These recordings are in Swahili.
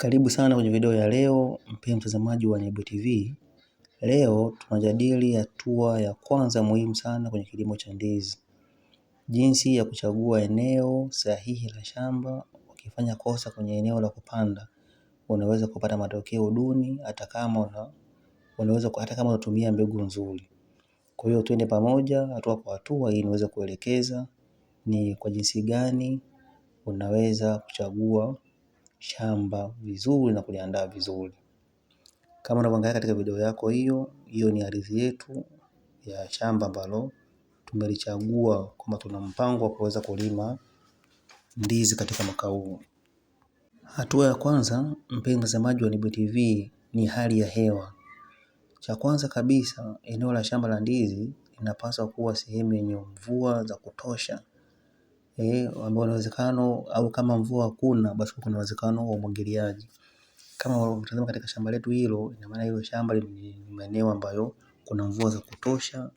Karibu sana kwenye video ya leo, mpenzi mtazamaji wa Nebuye TV. Leo tunajadili hatua ya kwanza muhimu sana kwenye kilimo cha ndizi, jinsi ya kuchagua eneo sahihi la shamba. Ukifanya kosa kwenye eneo la kupanda, unaweza kupata matokeo duni, hata kama unaweza hata kama unatumia mbegu nzuri. Kwa hiyo twende pamoja hatua kwa hatua, ili niweze kuelekeza ni kwa jinsi gani unaweza kuchagua shamba vizuri na kuliandaa vizuri. Kama unavyoangalia katika video yako hiyo, hiyo ni ardhi yetu ya shamba ambalo tumelichagua kwamba tuna mpango wa kuweza kulima ndizi katika mwaka huu. Hatua ya kwanza, mpenzi mtazamaji wa Nebuye TV, ni hali ya hewa. Cha kwanza kabisa, eneo la shamba la ndizi linapaswa kuwa sehemu yenye mvua za kutosha eh, ambao una uwezekano au kama mvua hakuna, basi kuna uwezekano wa umwagiliaji. Kama utazama katika shamba letu hilo, ina maana hilo shamba ni maeneo ambayo kuna mvua za kutosha,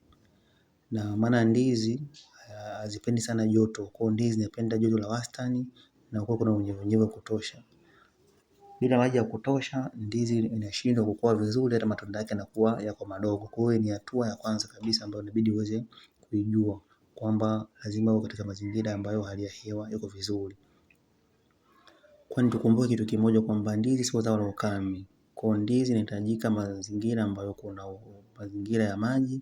na maana ndizi eh, hazipendi sana joto, kwa ndizi zinapenda joto la wastani na kwa kuna unyevunyevu wa kutosha. Bila maji ya kutosha, ndizi inashindwa kukua vizuri, hata matunda yake yanakuwa yako madogo. Kwa hiyo ni hatua ya kwanza kabisa ambayo inabidi uweze kuijua kwamba lazima uwe katika mazingira ambayo hali ya hewa iko vizuri, kwani tukumbuke kitu kimoja kwamba ndizi sio zao la ukame. Kwa ndizi inahitajika mazingira ambayo kuna mazingira ya maji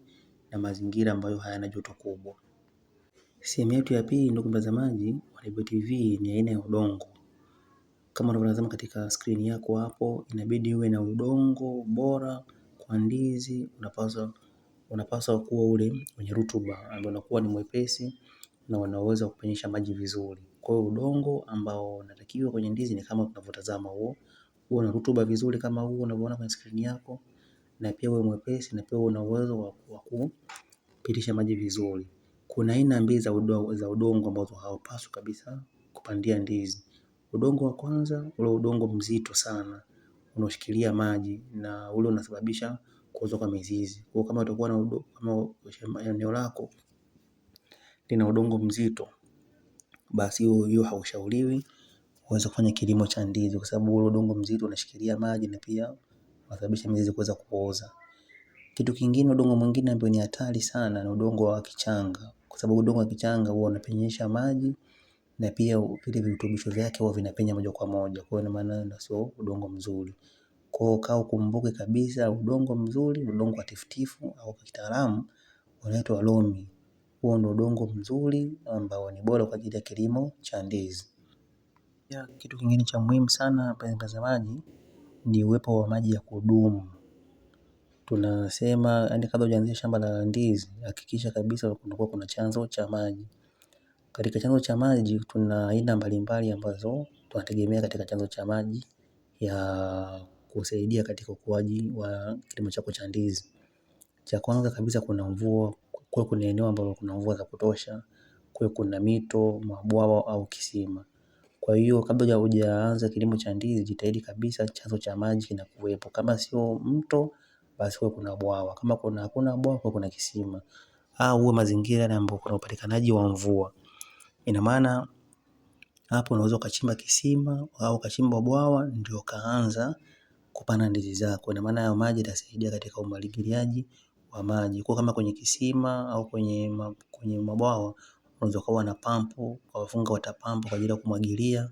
na mazingira ambayo hayana joto kubwa. Sehemu yetu ya pili, ndugu mtazamaji wa Nebuye TV, ni aina ya udongo. Kama unavyotazama katika skrini yako hapo, inabidi uwe na udongo bora kwa ndizi, unapaswa unapaswa kuwa ule wenye rutuba ambao unakuwa ni mwepesi na unaweza kupenyesha maji vizuri. Kwa hiyo udongo ambao unatakiwa kwenye ndizi ni kama tunavyotazama huo, huo na rutuba vizuri kama huo unavyoona kwenye skrini yako, na pia uwe mwepesi na pia una uwezo wa kupitisha maji vizuri. Kuna aina mbili za udongo ambazo haupaswi kabisa kupandia ndizi. Udongo wa kwanza, ule udongo mzito sana unaoshikilia maji na ule unasababisha kuoza kwa mizizi. Kwa kama utakuwa na udongo, kama eneo lako lina udongo mzito, basi hiyo haushauriwi uweze kufanya kilimo cha ndizi, kwa sababu ule udongo mzito unashikilia maji na pia unasababisha mizizi kuweza kupooza. Kitu kingine, udongo mwingine ambao ni hatari sana ni udongo wa kichanga, kwa sababu udongo wa kichanga huwa unapenyesha maji na pia vile virutubisho vyake huwa vinapenya moja kwa moja. Kwa hiyo ina maana sio udongo mzuri. Kwa kaa ukumbuke kabisa udongo mzuri, udongo wa tifutifu au kitaalamu unaitwa lomi. Huo ndio udongo mzuri ambao ni bora kwa ajili ya kilimo cha ndizi. Pia kitu kingine cha muhimu sana mpenzi mtazamaji ni uwepo wa maji ya kudumu. Tunasema yaani kabla hujaanzisha shamba la ndizi hakikisha kabisa kunakuwa kuna chanzo cha maji. Katika chanzo cha maji tuna aina mbalimbali ambazo tunategemea katika chanzo cha maji ya kusaidia katika ukuaji wa kilimo chako cha ndizi. Cha kwanza kabisa kuna mvua, kuwe kuna eneo ambalo kuna mvua za kutosha, kuwe kuna mito, mabwawa au kisima. Kwa hiyo kabla hujaanza kilimo cha ndizi, jitahidi kabisa chanzo cha maji kinakuwepo. Kama sio mto, basi kuwe kuna bwawa, kama kuna hakuna bwawa, kuwe kuna kisima au uwe mazingira ambapo kuna upatikanaji wa mvua. Ina maana hapo unaweza ukachimba kisima au ukachimba bwawa ndio ukaanza kupanda ndizi zako. Ina maana hayo maji yatasaidia katika umwagiliaji wa maji, kwa kama kwenye kisima au kwenye kwenye mabwawa unaweza kuwa na pampu, wafunga watapampu kwa ajili ya kumwagilia.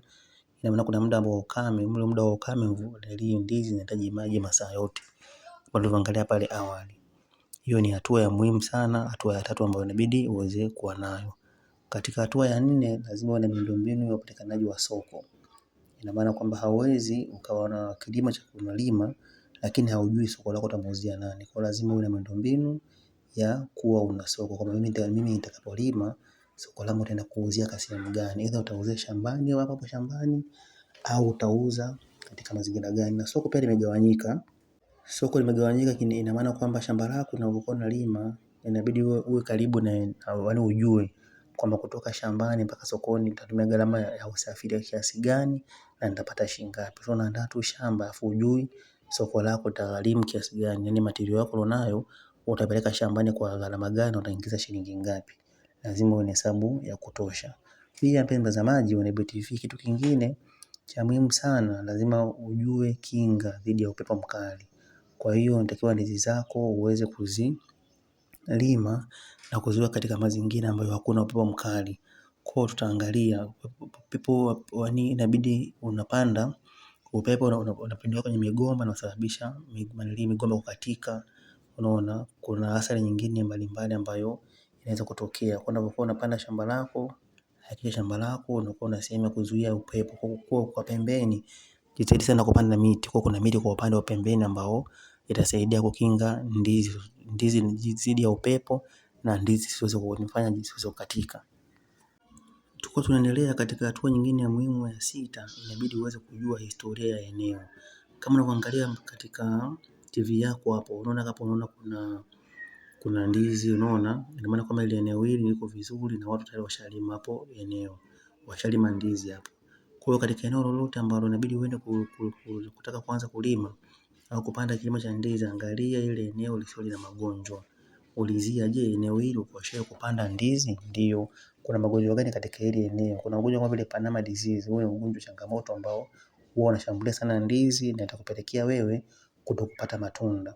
Ina maana kuna muda ambao ukame, mlo muda wa ukame ndizi zinahitaji maji masaa yote kama tulivyoangalia pale awali. Hiyo ni hatua ya muhimu sana, hatua ya tatu ambayo inabidi uweze kuwa nayo. Katika hatua ya nne lazima uwe na miundombinu ya upatikanaji wa soko ina maana kwamba hauwezi ukawa na kilimo cha kunalima lakini haujui soko lako utamuuzia nani. Kwa lazima uwe na miundombinu ya kuwa una soko, kwa mimi nitakapolima soko langu tena kuuzia kwa sehemu gani, aidha utauzia shambani au hapo shambani au utauza katika mazingira gani. Na soko pia limegawanyika, soko limegawanyika, ina maana kwamba shamba lako unalokuwa unalima inabidi uwe karibu na yaani ujue kwamba kutoka shambani mpaka sokoni nitatumia gharama ya usafiri ya kiasi gani na nitapata shilingi ngapi. So unaandaa tu shamba alafu ujui soko lako litagharimu kiasi gani, yaani material yako unayo utapeleka shambani kwa gharama gani, utaingiza shilingi ngapi. Lazima uwe na hesabu ya kutosha. Pia mpenzi mtazamaji wa Nebuye TV, kitu kingine cha muhimu sana, lazima ujue kinga dhidi ya upepo mkali. Kwa hiyo natakiwa ndizi zako uweze kuzi lima na kuzuia katika mazingira ambayo hakuna upepo mkali. Kwa tutaangalia upepo wani inabidi unapanda upepo unapinduka kwenye migomba na kusababisha migomba kukatika. Unaona kuna athari nyingine mbalimbali ambayo inaweza kutokea. Kwa unapokuwa unapanda shamba lako, hakikisha shamba lako unakuwa na sehemu ya kuzuia upepo kwa pembeni. Jitahidi sana kupanda miti kwa kuna miti kwa upande wa pembeni ambao itasaidia kukinga ndizi ndizi dhidi ya upepo na ndizi isiweze kunifanya isiweze kukatika. Tuko tunaendelea katika hatua nyingine ya muhimu ya sita, inabidi uweze kujua historia ya eneo. Kama unavyoangalia katika TV yako hapo, unaona hapo, unaona kuna kuna ndizi, unaona, ina maana kwamba ile eneo hili liko vizuri na watu tayari washalima hapo eneo, washalima ndizi hapo. Kwa hiyo katika eneo lolote ambalo inabidi uende kutaka kuanza kulima au kupanda kilimo cha ndizi, angalia ile eneo lisilo na magonjwa, ulizia je, eneo hilo kuashiria kupanda ndizi ndio kuna magonjwa gani katika hili eneo? Kuna ugonjwa kama vile Panama disease, huo ugonjwa changamoto ambao huwa unashambulia sana ndizi na itakupelekea wewe kutokupata matunda.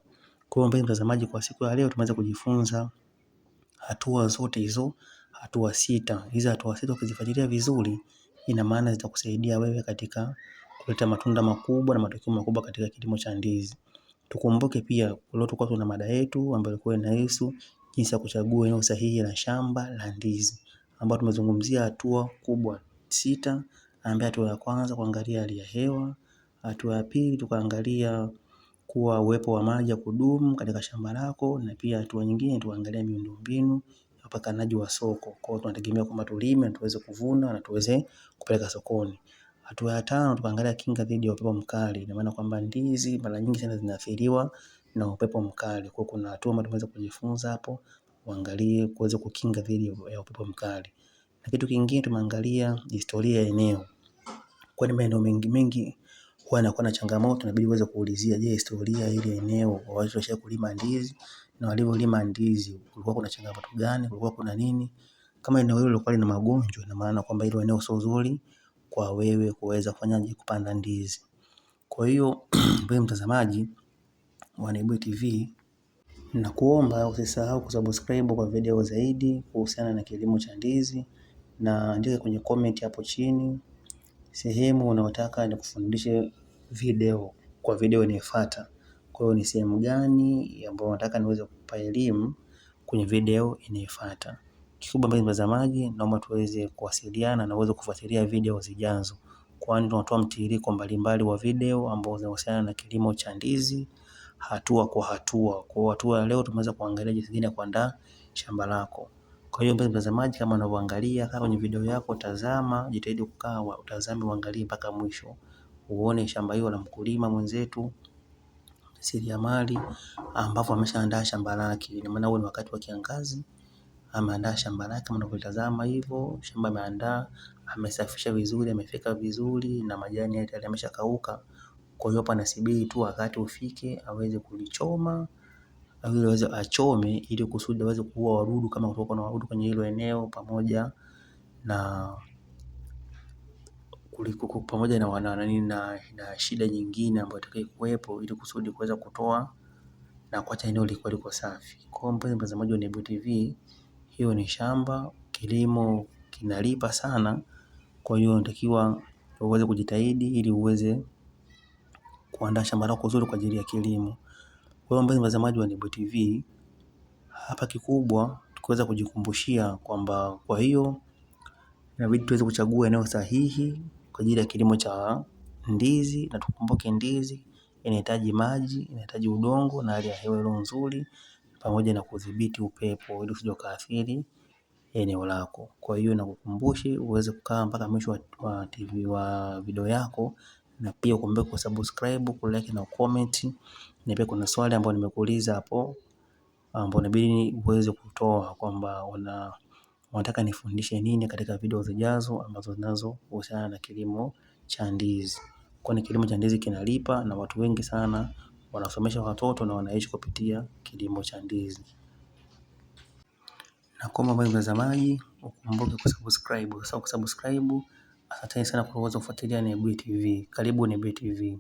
Kwa hiyo mpenzi mtazamaji, kwa siku ya leo tumeweza kujifunza hatua zote hizo, hatua sita. Hizi hatua sita ukizifuatilia vizuri, ina maana zitakusaidia wewe katika kuleta matunda makubwa na matokeo makubwa katika kilimo cha ndizi. Tukumbuke pia leo tulikuwa tuna mada yetu ambayo ilikuwa inahusu jinsi ya kuchagua eneo sahihi la shamba la ndizi, ambapo tumezungumzia hatua kubwa sita, ambayo hatua ya kwanza kuangalia hali ya hewa, hatua ya pili tukaangalia kuwa uwepo wa maji ya kudumu katika shamba lako, na pia hatua nyingine tuangalia miundombinu na upatikanaji wa soko. Kwa hiyo tunategemea kwamba tulime na tuweze kuvuna na tuweze kupeleka sokoni. Hatua ya tano tukaangalia kinga dhidi ya upepo mkali. Ina maana kwamba ndizi mara nyingi sana zinaathiriwa na upepo mkali. Kwa kuna hatua ambazo tunaweza kujifunza hapo, uangalie kuweza kukinga dhidi ya upepo mkali. Na kitu kingine tumeangalia historia ya eneo. Kwa ni maeneo mengi mengi huwa yanakuwa na changamoto, inabidi uweze kuulizia, je, historia ile eneo wa watu washawahi kulima ndizi na walivyolima ndizi kulikuwa kuna changamoto gani, kulikuwa kuna nini? Kama eneo hilo lilikuwa lina magonjwa, ina maana kwamba ile eneo sio zuri kwa wewe kuweza kufanyaje kupanda ndizi. Kwa hiyo wewe mtazamaji wa Nebuye TV na kuomba usisahau kusubscribe kwa video zaidi kuhusiana na kilimo cha ndizi, na andika kwenye comment hapo chini sehemu unayotaka nikufundishe video kwa video inayofuata. Kwa hiyo ni sehemu gani ambayo unataka niweze kukupa elimu kwenye video inayofuata. Kikubwa mpenzi mtazamaji, naomba tuweze kuwasiliana na uweze kufuatilia video zijazo, kwani tunatoa mtiririko mbalimbali wa video ambao zinahusiana na kilimo cha ndizi hatua kwa hatua. Kwa hatua leo tumeweza kuangalia jinsi gani ya kuandaa shamba lako. Kwa hiyo mpenzi mtazamaji, kama unavyoangalia, kama kwenye video yako, tazama, jitahidi kukaa utazame, uangalie mpaka mwisho, uone shamba hilo la mkulima mwenzetu mjasiriamali ambapo ameshaandaa shamba lake. Ina maana huo ni wakati wa kiangazi ameandaa shamba lake kama unavyotazama hivyo, shamba ameandaa, amesafisha vizuri, amefika vizuri na majani yake tayari yameshakauka. Kwa hiyo hapa anasubiri tu wakati ufike aweze kulichoma ili aweze achome ili kusudi aweze kuua wadudu kama kutoka na wadudu kwenye hilo eneo pamoja na kuliko pamoja na wana nani na, na shida nyingine ambayo itakayo kuwepo ili kusudi kuweza kutoa na kuacha eneo liko liko safi. Kwa hiyo mpenzi mtazamaji wa Nebuye TV hiyo ni shamba, kilimo kinalipa sana. Kwa hiyo unatakiwa uweze kujitahidi ili uweze kuandaa shamba lako zuri kwa ajili ya kilimo. Kwa hiyo mpenzi mtazamaji wa Nebuye TV, hapa kikubwa tukiweza kujikumbushia kwamba kwa hiyo inabidi tuweze kuchagua eneo sahihi kwa ajili ya kilimo cha ndizi, na tukumbuke ndizi inahitaji maji, inahitaji udongo na hali ya hewa iliyo nzuri pamoja na kudhibiti upepo ili usije ukaathiri eneo lako. Kwa hiyo nakukumbushi uweze kukaa mpaka mwisho wa TV wa video yako, na pia ukumbuke kusubscribe, like na comment, na pia kuna swali ambayo nimekuuliza hapo ambao inabidi uweze kutoa kwamba una unataka nifundishe nini katika video zijazo ambazo zinazohusiana na kilimo cha ndizi, kwani kilimo cha ndizi kinalipa na watu wengi sana wanasomesha watoto na wanaishi kupitia kilimo cha ndizi. Na kwa mambo ya mtazamaji, ukumbuke kusubscribe. Sasa kusubscribe, asanteni sana kwa kuweza kufuatilia Nebuye TV. Karibu Nebuye TV.